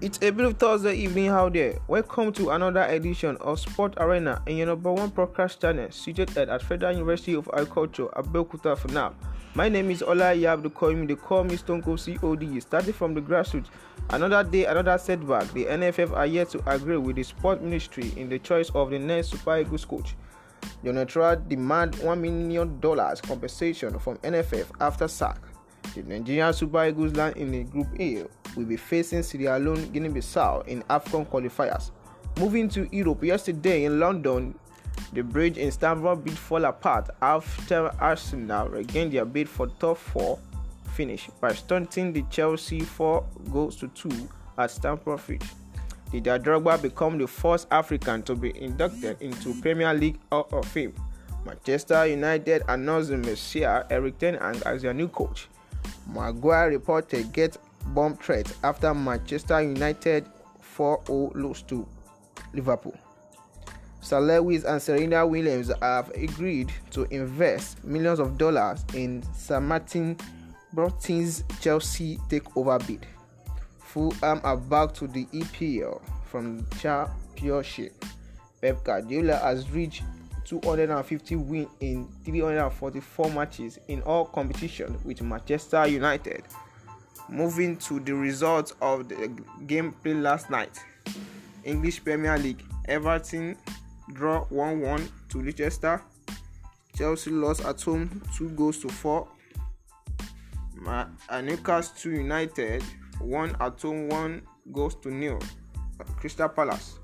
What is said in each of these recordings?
It's a beautiful Thursday evening out there. Welcome to another edition of Sport Arena and your number one podcast channel, situated at Federal University of Agriculture, Abeokuta, For now, My name is Ola Yab, they call me, they call me Stone Cold COD. Starting from the grassroots, another day, another setback. The NFF are yet to agree with the sport ministry in the choice of the next Super Eagles coach. The neutral demand $1 million compensation from NFF after sack. The Nigerian Super Eagles land in the Group A will be facing Sierra Leone, Guinea Bissau in AFCON qualifiers. Moving to Europe, yesterday in London, the bridge in Stamford Bridge fell apart after Arsenal regained their bid for top four finish by stunting the Chelsea four goals to two at Stamford Bridge. Did Drogba become the first African to be inducted into Premier League Hall of Fame? Manchester United announced Messiah Eric Ten Hag as their new coach. Maguire reported get bomb threat after Manchester United 4-0 loss to Liverpool. Sir Lewis and Serena Williams have agreed to invest millions of dollars in Sir Martin Broughton's Chelsea takeover bid. Fulham are back to the EPL from Championship. Pep Guardiola has reached 250 wins in 344 matches in all competitions with Manchester United. Moving to the results of the gameplay last night English Premier League Everton draw 1 1 to Leicester, Chelsea lost at home 2 goals to 4, Newcastle United won at home 1 goals to nil. Crystal Palace.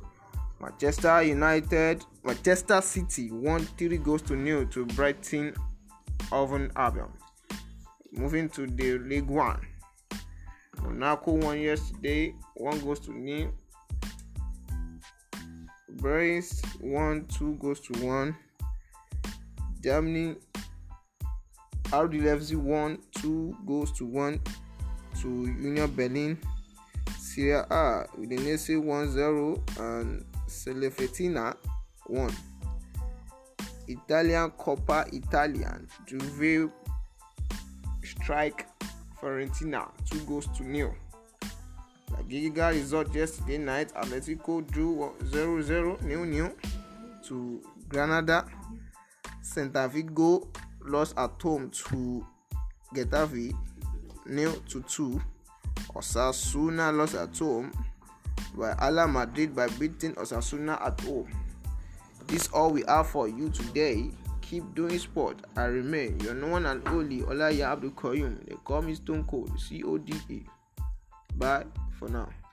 Manchester United, Manchester City won three goals to nil to Brighton Oven Albion. Moving to the League One, Monaco won yesterday. One goes to Nîmes. Brest one two goes to one. Germany RD Leipzig won two goes to one to Union Berlin. Syria A with Udinese one zero and Selefetina one. Italian Coppa Italian Juve strike Fiorentina, two goals to nil. La Liga result yesterday night, Atletico drew 0-0 nil-nil to Granada. Santa Vigo lost at home to Getafe nil to two. Osasuna lost at home while Ala Madrid by beating Osasuna at home. This all we have for you today keep doing sport. I remain your one and only Olaya Abdul Koyum. They call me Stone Cold, C O D E. Bye for now.